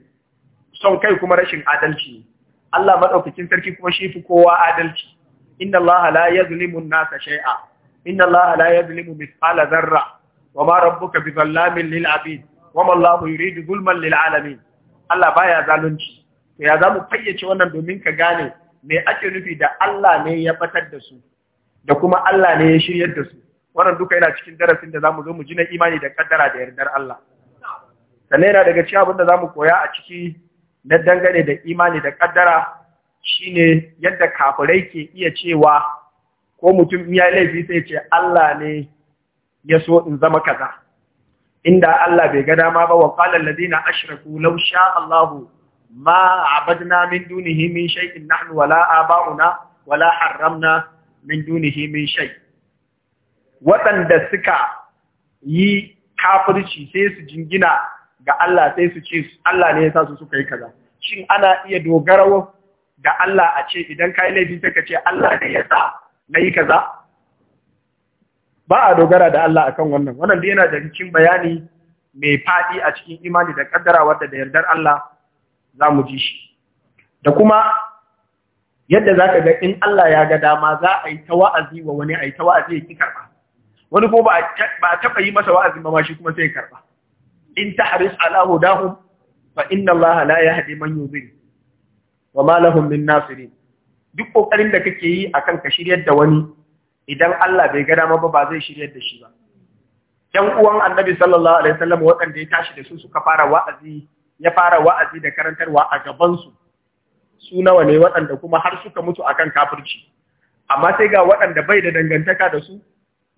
Speaker 1: son kai kuma rashin adalci ne Allah maɗaukacin sarki kuma shi fi kowa adalci inna Allah la yazlimu an-nasa shai'a. inna Allah la yazlimu misfala zarra. wa ma rabbuka bi lil 'abid wa ma Allah yuridu zulman lil 'alamin Allah baya zalunci to ya zamu fayyace wannan domin ka gane me ake nufi da Allah ne ya batar da su
Speaker 2: da kuma Allah ne ya
Speaker 1: shiryar da su wannan duka yana cikin darasin da zamu zo mu ji na imani da kaddara da yardar Allah sannan yana daga cikin abin da mu koya a ciki na dangane da imani da kaddara shine yadda kafirai ke iya cewa ko mutum ya laifi sai ce Allah ne ya so in zama kaza inda Allah bai ga dama ba wa qala alladhina ashraku law sha Allahu ma abadna min dunihi min shay'in nahnu wala aba'una wala harramna min dunihi min shay waɗanda suka yi kafirci sai su jingina ga Allah sai su ce Allah ne ya sa su suka yi kaza shin ana iya dogarawa da Allah a ce idan kai laifi sai ka ce Allah ne ya sa na yi kaza ba a dogara da Allah akan wannan wannan yana da cikin bayani mai fadi a cikin imani da kaddara wadda da yardar Allah za mu ji shi da kuma yadda za ka ga in Allah ya ga dama za a yi ta wa'azi wa wani a yi ta wa'azi ya ki karɓa wani ko ba a taɓa yi masa wa'azi ba ma shi kuma sai ya karɓa in ta ala hudahum fa inna allaha la yahdi man yudhil wa ma lahum min nasirin duk kokarin da kake yi akan ka shiryar da wani idan Allah bai ga dama ba ba zai shiryar da shi ba dan uwan annabi sallallahu alaihi wasallam waɗanda ya tashi da su suka fara wa'azi ya fara wa'azi da karantarwa a gaban su su nawa ne waɗanda kuma har suka mutu akan kafirci amma sai ga waɗanda bai da dangantaka da su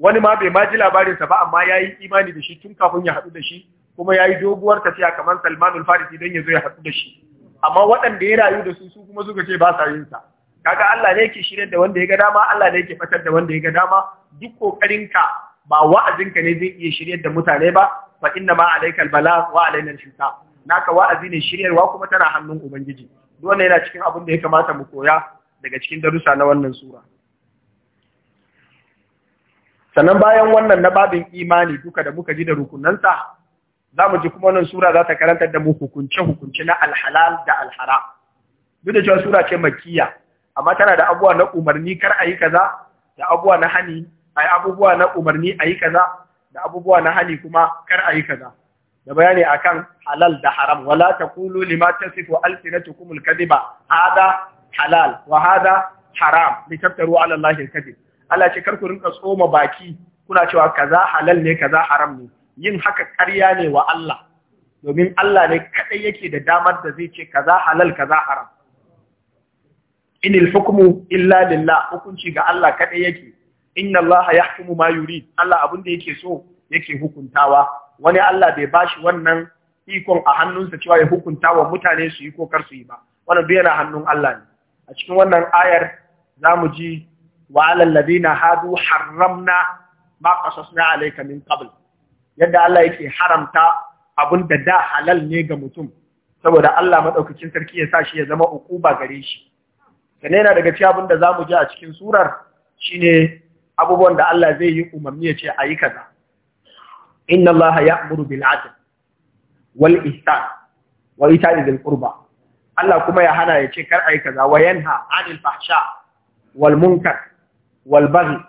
Speaker 1: wani ma bai ma ji labarinsa ba amma ya yi imani da shi tun kafin ya hadu da shi kuma ya yi doguwar tafiya kamar Salman al-Farisi dan ya zo ya haɗu da shi amma waɗanda ya rayu da su su kuma suka ce ba sa yin sa kaga Allah ne yake shirye da wanda ya ga dama Allah ne yake fatar da wanda ya ga dama duk kokarin ka ba wa'azinka ne zai iya shirye da mutane ba fa inna ma alaikal bala wa alaina shita. naka wa'azi ne shiryarwa kuma tana hannun ubangiji dole yana cikin abin da ya kamata mu koya daga cikin darussa na wannan sura sannan bayan wannan na babin imani duka da muka ji da rukunansa za mu ji kuma wannan sura za ta karanta da mu hukunce-hukunce na alhalal da alhara. Duk da cewa sura ce makiya, amma tana da abubuwa na umarni kar a yi kaza, da abubuwa na hani, abubuwa na umarni a yi kaza, da abubuwa na hani kuma kar a yi kaza. Da bayani akan halal da haram, wala ta kulu lima ta sifo alsinatukum alkadiba, hada halal wa hada haram, li taftaru ala Allah kadi Allah ce kar ku rinka tsoma baki kuna cewa kaza halal ne kaza haram ne. yin haka ƙarya ne wa Allah domin Allah ne kaɗai yake da damar da zai ce kaza halal kaza haram inil hukmu illa lillah hukunci ga Allah kaɗai yake inna Allah yahkumu ma yurid Allah abin da yake so yake hukuntawa wani Allah bai bashi wannan ikon a hannunsa cewa ya hukunta wa mutane su yi ko kar su yi ba wannan duk yana hannun Allah ne a cikin wannan ayar zamu ji wa alal ladina hadu harramna ma qasasna alayka min qabl yadda Allah yake haramta abin da da halal ne ga mutum saboda Allah madaukakin sarki ya sa shi ya zama ukuba gare shi sannan yana daga cikin abin da zamu ji a cikin surar shine abubuwan da Allah zai yi umarni ya ce ayi kaza inna Allah ya'muru bil 'adl wal ihsan wa ita'i dhil qurba Allah kuma ya hana ya ce kar ayi kaza wa yanha 'anil fahsha wal munkar wal baghi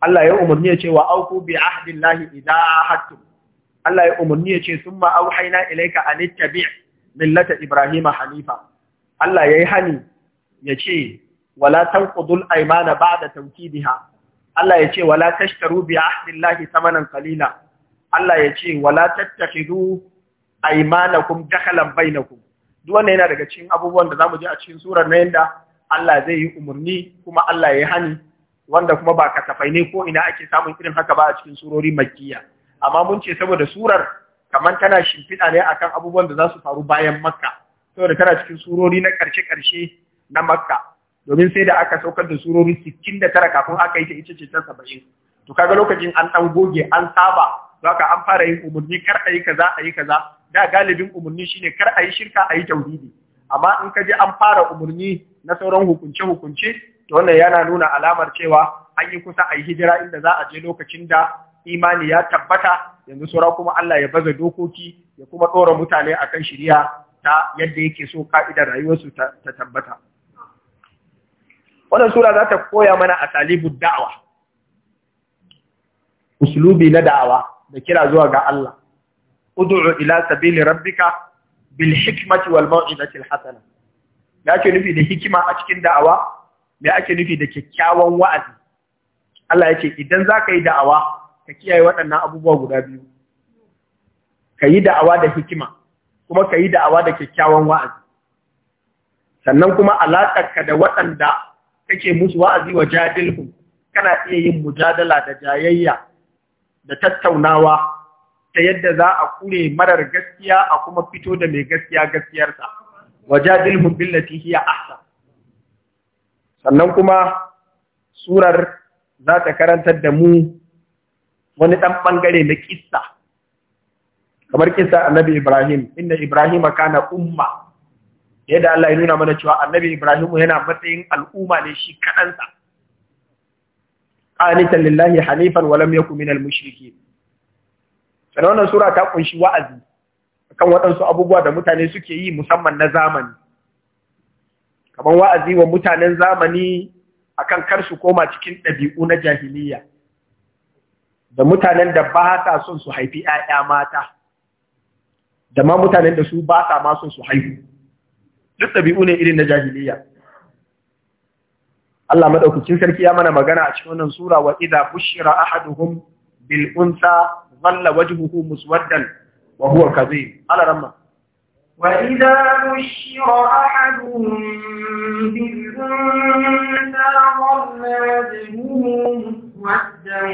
Speaker 1: Allah ya umarni ya ce wa auku bi ahdillahi idza ahadtum Allah ya umarni ya ce summa auhayna ilayka an tabi' millata ibrahima hanifa Allah yayi hani ya ce wala tanqudul aymana ba'da tawkidiha Allah ya ce wala tashtaru bi ahdillahi samanan qalila Allah ya ce wala tattakhidu aymanakum dakhalan bainakum duk wannan yana daga cikin abubuwan da zamu ji a cikin surar nan da Allah zai yi umarni kuma Allah ya hani wanda kuma ba kasafai ne ko ina ake samun irin haka ba a cikin surori makkiya amma mun ce saboda surar kamar tana shimfiɗa ne akan abubuwan da za su faru bayan makka saboda tana cikin surori na ƙarshe-ƙarshe na makka domin sai da aka saukar da surori sittin da tara kafin aka yi ta ita ce ta saba'in to kaga lokacin an ɗan goge an saba za ka an fara yin umarni kar a yi kaza a yi kaza da galibin umarni shine kar a yi shirka a yi tauhidi amma in ka je an fara umarni na sauran hukunce-hukunce to wannan yana nuna alamar cewa an yi kusa a yi hijira inda za a je lokacin da imani ya tabbata yanzu saura kuma Allah ya baza dokoki ya kuma ɗora mutane a kan shirya ta yadda yake so ka'idar rayuwarsu ta tabbata wannan sura za ta koya mana a talibu da'awa uslubi na da'awa da kira zuwa ga Allah uduu ila sabili rabbika bil hikmati wal mau'izati al hasana yake nufi da hikima a cikin da'awa me ake nufi da kyakkyawan wa'azi Allah yake idan za ka yi da'awa ka kiyaye waɗannan abubuwa guda biyu ka yi da'awa da hikima kuma ka yi da'awa da kyakkyawan wa'azi sannan kuma ka da waɗanda kake musu wa'azi wa jadilhu kana iya yin mujadala da jayayya da tattaunawa ta yadda za a kure marar gaskiya a kuma fito da mai gaskiya gaskiyarsa wa jadilhu billati hiya ahsan sannan kuma surar za ta karantar da mu wani ɗan ɓangare na ƙisa, kamar kissa annabi Ibrahim inda Ibrahim kana umma yadda Allah ya nuna mana cewa annabi Ibrahim yana matsayin al'umma ne shi kaɗansa qanitan lillahi hanifan wa ya yakun minal mushrikeen sannan wannan sura ta ƙunshi wa'azi kan waɗansu abubuwa da mutane suke yi musamman na zamani kamar wa'azi wa mutanen zamani akan kar su koma cikin ɗabi'u na jahiliya da mutanen da ba sa son su haifi ‘ya'ya mata da ma mutanen da su ba sa ma son su haihu duk ɗabi'u ne irin na jahiliya Allah maɗaukacin sarki ya mana magana a cikin wannan sura wa idza bushira ahaduhum bil unsa dhalla wajhuhu muswaddan wa huwa kadhib ala ramma
Speaker 2: وإذا بشر أحدهم بالأنثى ظل وجهه مسودا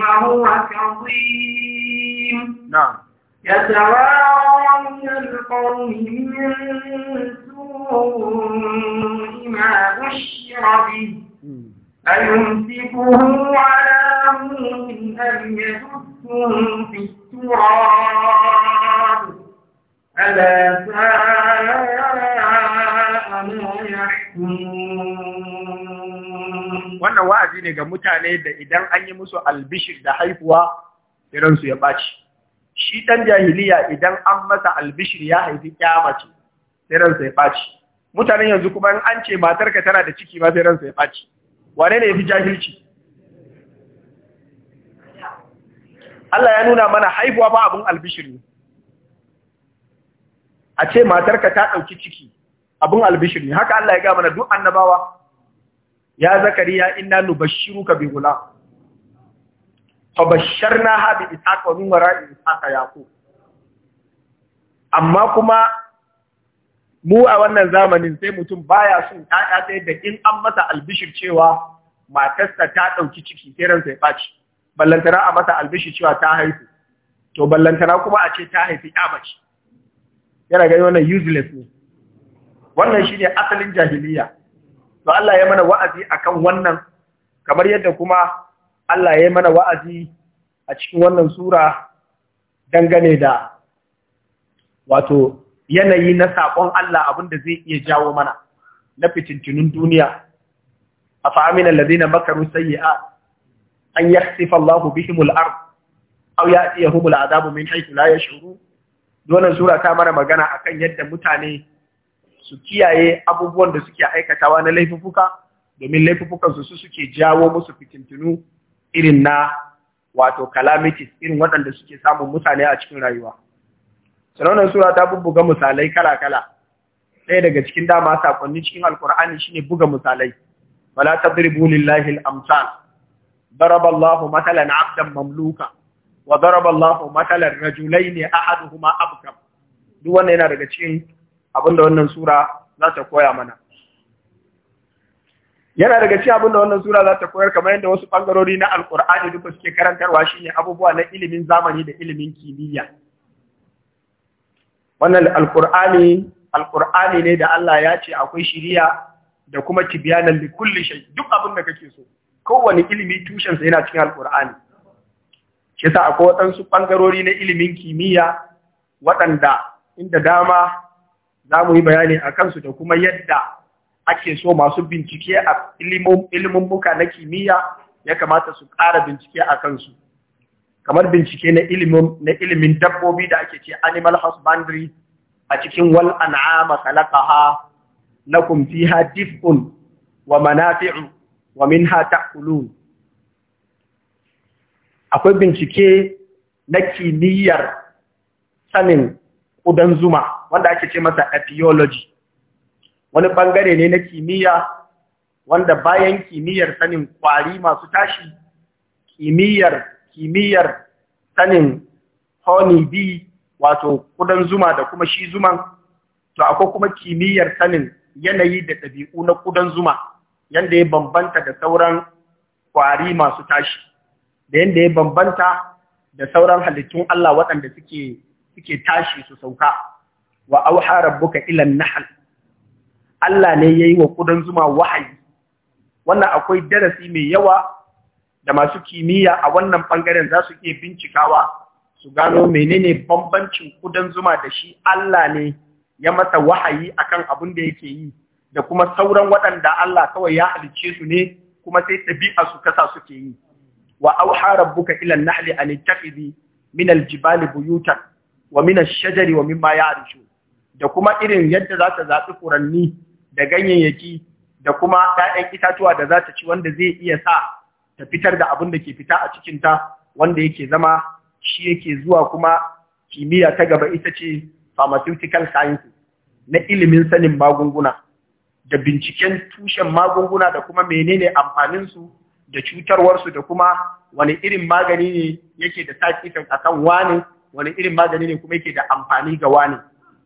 Speaker 2: وهو كظيم نعم يتوارى من القوم من سوء ما بشر به أيمسكه
Speaker 1: ne ga mutane da idan an yi musu albishir da haifuwa iransu ya ɓaci shi ɗan jahiliya idan an masa albishir ya haifi ƙyamace iransu ya ɓaci mutanen yanzu kuma in an ce matarka tana da ciki ma iransu ya ɓaci wane ne ya fi jahilci Allah ya nuna mana haihuwa ba abin albishir ne a ce matarka ta ɗauki ciki abin albishir ne haka Allah ya gama na, duk annabawa ya zakariya inna nubashshiruka bi gulam fa basharnaha bi ishaqa min wara'i ya yaqub amma kuma mu a wannan zamanin sai mutum baya son ƴaƴa sai da in an masa albishir cewa matarsa ta ɗauki ciki sai ya ɓaci ballantana a masa albishir cewa ta haihu to ballantana kuma a ce ta haifi ƴa mace yana gani wannan useless ne wannan shine asalin jahiliya to Allah ya mana wa'azi akan wannan kamar yadda kuma Allah ya mana wa'azi a cikin wannan sura dangane da wato yanayi na saƙon Allah abinda zai iya jawo mana na fitintunin duniya a fa'amina Ladina makaru sayi'a an ya Allah bihimul ar ya iya humul azabu min haythu la ya wannan sura ta mana magana akan yadda mutane su kiyaye abubuwan da suke aikatawa na laifuka domin laifukan su suke jawo musu fitintunu irin na wato calamities irin waɗanda suke samun mutane a cikin rayuwa Sanonan sura ta bubbuga misalai kala-kala ɗaya daga cikin dama sakonni cikin alkur'ani shine buga misalai wala tadribu lillahi al-amsal daraba Allahu matalan 'abdan mamluka wa daraba Allahu matalan rajulaini ahaduhuma abkam duk wannan yana daga cikin abinda wannan sura za ta koya mana yana daga ci abinda wannan sura za ta koyar kamar yadda wasu bangarori na alkur'ani duka suke karantarwa shine abubuwa na ilimin zamani da ilimin kimiyya wannan Alƙur'ani alkur'ani ne da Allah ya ce akwai shiriya da kuma tibiyanan da kulli shai duk abin da kake so kowane ilimi tushensa yana cikin alkur'ani shi sa akwai waɗansu bangarori na ilimin kimiyya waɗanda inda dama za mu yi bayani a kansu da kuma yadda ake so masu bincike a muka na kimiyya ya kamata su ƙara bincike a kansu kamar bincike na ilimin dabbobi da ake ce animal husbandry a cikin wal an'ama khalaqaha lakum fiha dif'un wa manafi'u wa minha ta'kulun akwai bincike na kimiyyar sanin ƙudan zuma wanda ake ce masa etiology wani bangare ne na kimiyya wanda bayan kimiyyar sanin kwari masu tashi kimiyyar kimiyyar sanin bi, wato kudan zuma da kuma shi zuman to akwai kuma kimiyyar sanin yanayi da ɗabi'u na kudan zuma yanda ya bambanta da sauran kwari masu tashi da yanda ya bambanta da sauran halittun Allah waɗanda suke tashi su sauka wa auha rabbuka ila nahl Allah ne yayi wa kudan zuma wahayi wannan akwai darasi mai yawa da masu kimiyya a wannan bangaren za su iya bincikawa su gano menene bambancin kudan zuma da shi Allah ne ya masa wahayi akan abin da yake yi da kuma sauran waɗanda Allah kawai ya halice su ne kuma sai ɗabi'a su kasa suke yi wa auha rabbuka ila an-nahli an tattakhidhi min al-jibali buyutan wa min ash-shajari wa mimma ya'rishun da kuma irin yadda za ta zaɓi furanni da ganyayyaki da kuma ‘ya'yan itatuwa da za ta ci wanda zai iya sa ta fitar da abin da ke fita a cikinta wanda yake zama shi yake zuwa kuma kimiyya ta gaba ita ce pharmaceutical sciences na ilimin sanin magunguna da binciken tushen magunguna da kuma menene amfaninsu da cutarwarsu da kuma wani irin magani ne yake da side a kan wani wani irin magani ne kuma yake da amfani ga wani.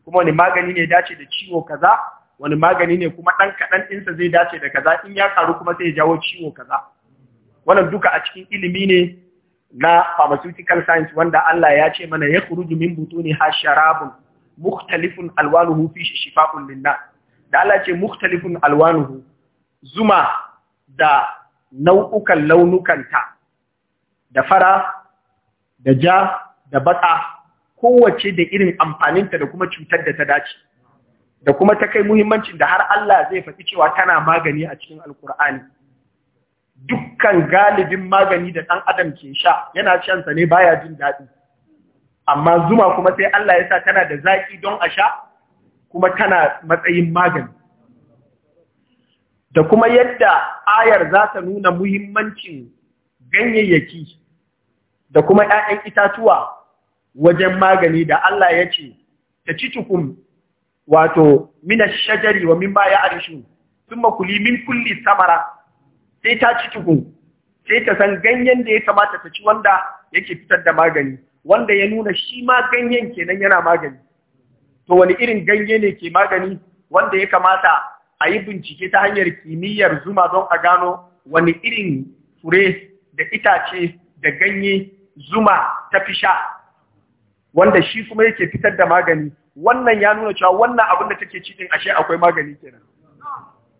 Speaker 1: kuma wani magani ne dace da ciwo kaza wani magani ne kuma ɗan kaɗan ɗinsa zai dace da kaza in ya karu kuma zai jawo ciwo kaza wannan duka a cikin ilimi ne na pharmaceutical science wanda Allah ya ce mana ya kuruju min butuni ha sharabun mukhtalifun alwanuhu fi shifa'un linna da Allah ce mukhtalifun alwanuhu zuma da nau'ukan launukanta da fara da ja da baka kowace da irin amfaninta da kuma cutar da ta dace da kuma ta kai muhimmancin da har Allah zai faɗi cewa tana magani a cikin alkur'ani dukkan galibin magani da ɗan adam ke sha yana shansa ne baya jin daɗi amma zuma kuma sai Allah ya sa tana da zaƙi don a sha kuma tana matsayin magani da kuma yadda ayar za ta nuna muhimmancin ganyayyaki da kuma ‘ya'yan itatuwa wajen magani da Allah ya ce ta ci tukun wato mina shajari wa min baya arishu sun makuli min kulli samara sai ta ci tukun sai ta san ganyen da ya kamata ta ci wanda yake fitar da magani wanda ya nuna shi ma ganyen kenan yana magani to wani irin ganye ne ke magani wanda ya kamata a yi bincike ta hanyar kimiyyar zuma don a gano wani irin fure da itace da ganye zuma ta fi sha wanda shi kuma yake fitar da magani wannan ya nuna cewa wannan abin da take cikin ashe akwai magani kenan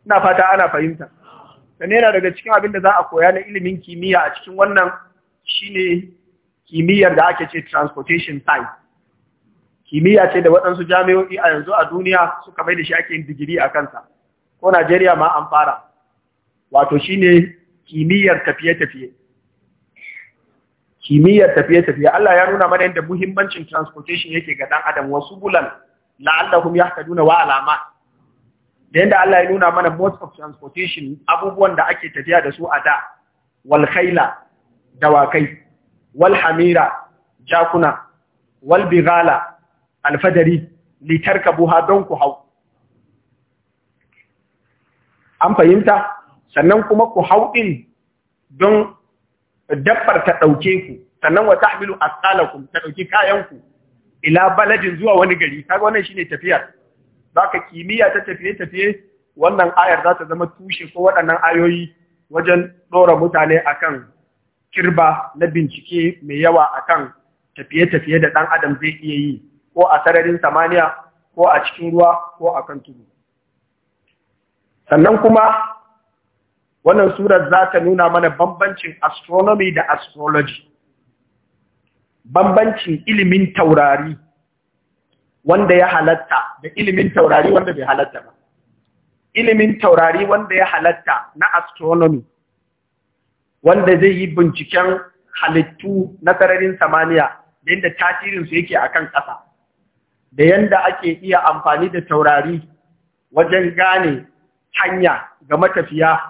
Speaker 1: ina fata ana fahimta sannan yana daga cikin abin da za a koya na ilimin kimiyya a cikin wannan shine kimiyyar da ake ce transportation science kimiyya ce da waɗansu jami'o'i a yanzu a duniya suka mai da shi ake yin digiri a kansa ko Najeriya ma an fara wato shine kimiyyar tafiye-tafiye kimiyyar tafiye-tafiye Allah ya nuna mana yadda muhimmancin transportation yake ga dan adam wasu bulan la'allahum yahtaduna wa alama da yadda Allah ya nuna mana most of transportation abubuwan da ake tafiya da su a da wal dawakai wal hamira jakuna wal bighala alfadari litarkabuha don ku hau an fahimta sannan kuma ku hau din don dabbar ta ɗauke ku sannan wa tahmilu asqalakum ta ɗauki kayanku ila baladin zuwa wani gari kaga wannan shine tafiyar zaka kimiyya ta tafiye tafiye wannan ayar za ta zama tushe ko waɗannan ayoyi wajen ɗora mutane akan kirba na bincike mai yawa akan tafiye tafiye da ɗan adam zai iya yi ko a sararin samaniya ko a cikin ruwa ko akan kan tudu sannan kuma wannan surar za ta nuna mana bambancin astronomy da astrology bambancin ilimin taurari wanda ya halatta da ilimin taurari wanda bai halatta ba ilimin taurari wanda ya halatta na astronomy wanda zai yi binciken halittu na sararin samaniya da yadda tasirinsu yake a kan ƙasa da yadda ake iya amfani da taurari wajen gane hanya ga matafiya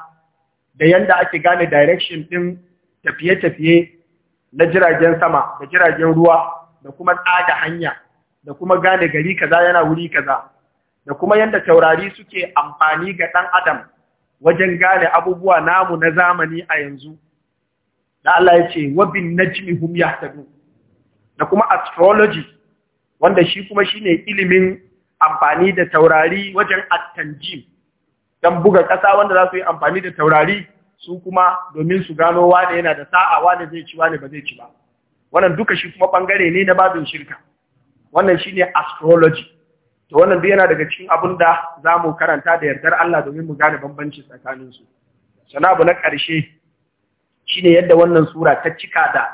Speaker 1: da yanda ake gane direction ɗin tafiye-tafiye na jiragen sama da jiragen ruwa da kuma tsada hanya da kuma gane gari kaza yana wuri kaza da kuma yanda taurari suke amfani ga ɗan adam wajen gane abubuwa namu na zamani a yanzu da Allah ya ce wabin najmi hum yahtadun da kuma astrology wanda shi kuma shine ilimin amfani da taurari wajen at dan buga ƙasa wanda za su yi amfani da taurari su kuma domin su gano wane yana da sa'a wane zai ci wane ba zai ci ba wannan duka shi kuma bangare ne na babin shirka wannan shine astrology to wannan duk yana daga cikin abun da za mu karanta da yardar Allah domin mu gane bambanci tsakaninsu sana abu na ƙarshe shine yadda wannan sura ta cika da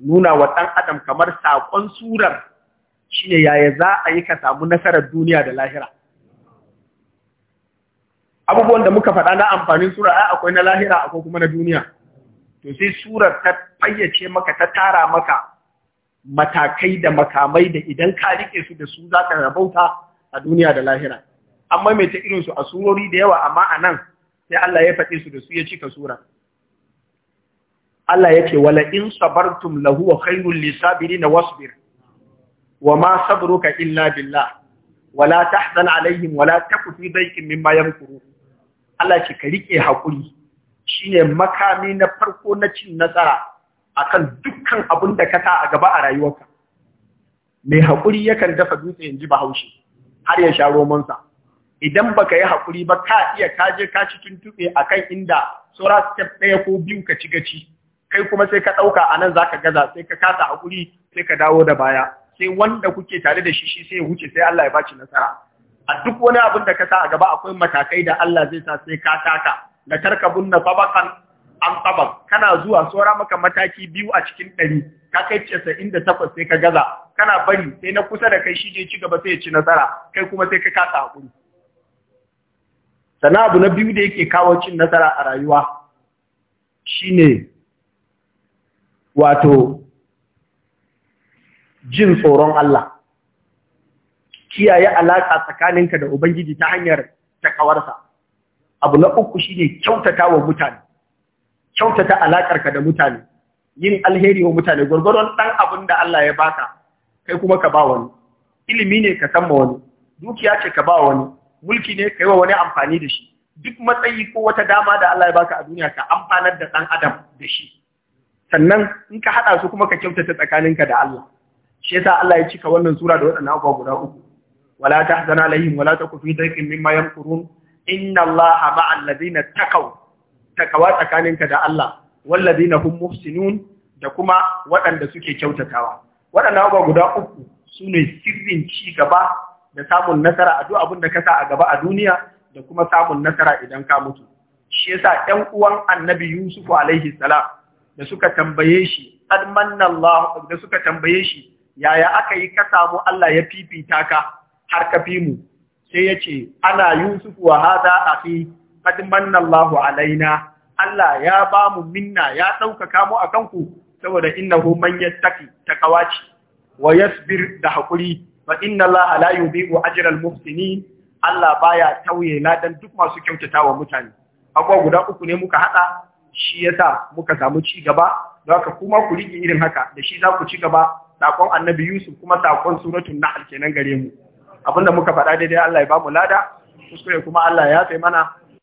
Speaker 1: nuna wa ɗan adam kamar saƙon surar shine yaya za a yi ka samu nasarar duniya da lahira abubuwan da muka faɗa na amfanin sura ai akwai na lahira akwai kuma na duniya to sai surar ta fayyace maka ta tara maka matakai da makamai da idan ka rike su da su zaka rabauta a duniya da lahira amma mai ta irin su a surori da yawa amma a nan sai Allah ya faɗi su da su ya cika sura Allah ya ce wala in sabartum lahu wa khairul lisabirin wasbir wa ma sabruka illa billah wala تحزن alaihim wala تك في ضيق مما Allah ce ka haƙuri! Shi ne makami na farko na cin nasara akan dukkan abin da ka sa a gaba a rayuwarka mai haƙuri yakan dafa dutse ba bahaushe har ya sha romansa idan baka yi haƙuri ba ka iya kaje ka ci tuntube akan inda saura step ɗaya ko biyu ka ci gaci kai kuma sai ka ɗauka a nan za ka gaza sai ka kasa haƙuri, sai ka dawo da baya sai wanda kuke tare da shi shi sai ya wuce sai Allah ya ba baci nasara a duk wani abin da ka sa a gaba akwai matakai da Allah zai sa sai ka taka da tarkabun na tabakan an tabak kana zuwa tsora maka mataki biyu a cikin ɗari ka kai casa'in da takwas sai ka gaza kana bari sai na kusa da kai shi ne ci gaba sai ya ci nasara kai kuma sai ka kasa hakuri sana abu na biyu da yake kawo cin nasara a rayuwa shine wato jin tsoron Allah kiyaye alaƙa tsakaninka da Ubangiji ta hanyar takawarsa. Abu na uku shi ne kyautata wa mutane, kyautata alaƙarka da mutane, yin alheri wa mutane, gwargwaron ɗan abin da Allah ya baka, kai kuma ka ba wani, ilimi ne ka san wani, dukiya ce ka ba wani, mulki ne ka yi wa wani amfani da shi, duk matsayi ko wata dama da Allah ya baka a duniya ka amfanar da ɗan adam da shi. Sannan in ka haɗa su kuma ka kyautata tsakaninka da Allah. Shi yasa Allah ya cika wannan sura da waɗannan abubuwa guda uku. ولا تحزن عليهم ولا تكن في ضيق مما يمكرون إن الله مع الذين اتقوا تقوى تكانك دا الله والذين هم محسنون da kuma waɗanda suke kyautatawa Waɗannan abubuwa guda uku su ne sirrin ci gaba da samun nasara a duk abin da ka sa a gaba a duniya da kuma samun nasara idan ka mutu shi yasa ɗan uwan annabi Yusuf alaihi salam da suka tambaye shi qad Allah da suka tambaye shi yaya aka yi ka samu Allah ya fifita ka har ka fi mu sai ya ce ana yusuf wa hada akhi qad manna Allahu alaina Allah ya ba mu minna ya ɗaukaka mu a kanku saboda ina homon ya yattaqi ta ƙawaci. wa yasbir da haƙuri, ba ina Allah la bi wa ajiyar Allah baya tauye ladan duk masu kyautata wa mutane abuwa guda uku ne muka haɗa? shi ya sa muka samu ci gaba don haka kuma ku riƙe irin haka da shi za ku ci gaba Saƙon annabi Yusuf kuma saƙon suratun na alkenan gare mu abinda muka faɗa daidai Allah ya ba mu lada kuskure kuma Allah ya tsaye mana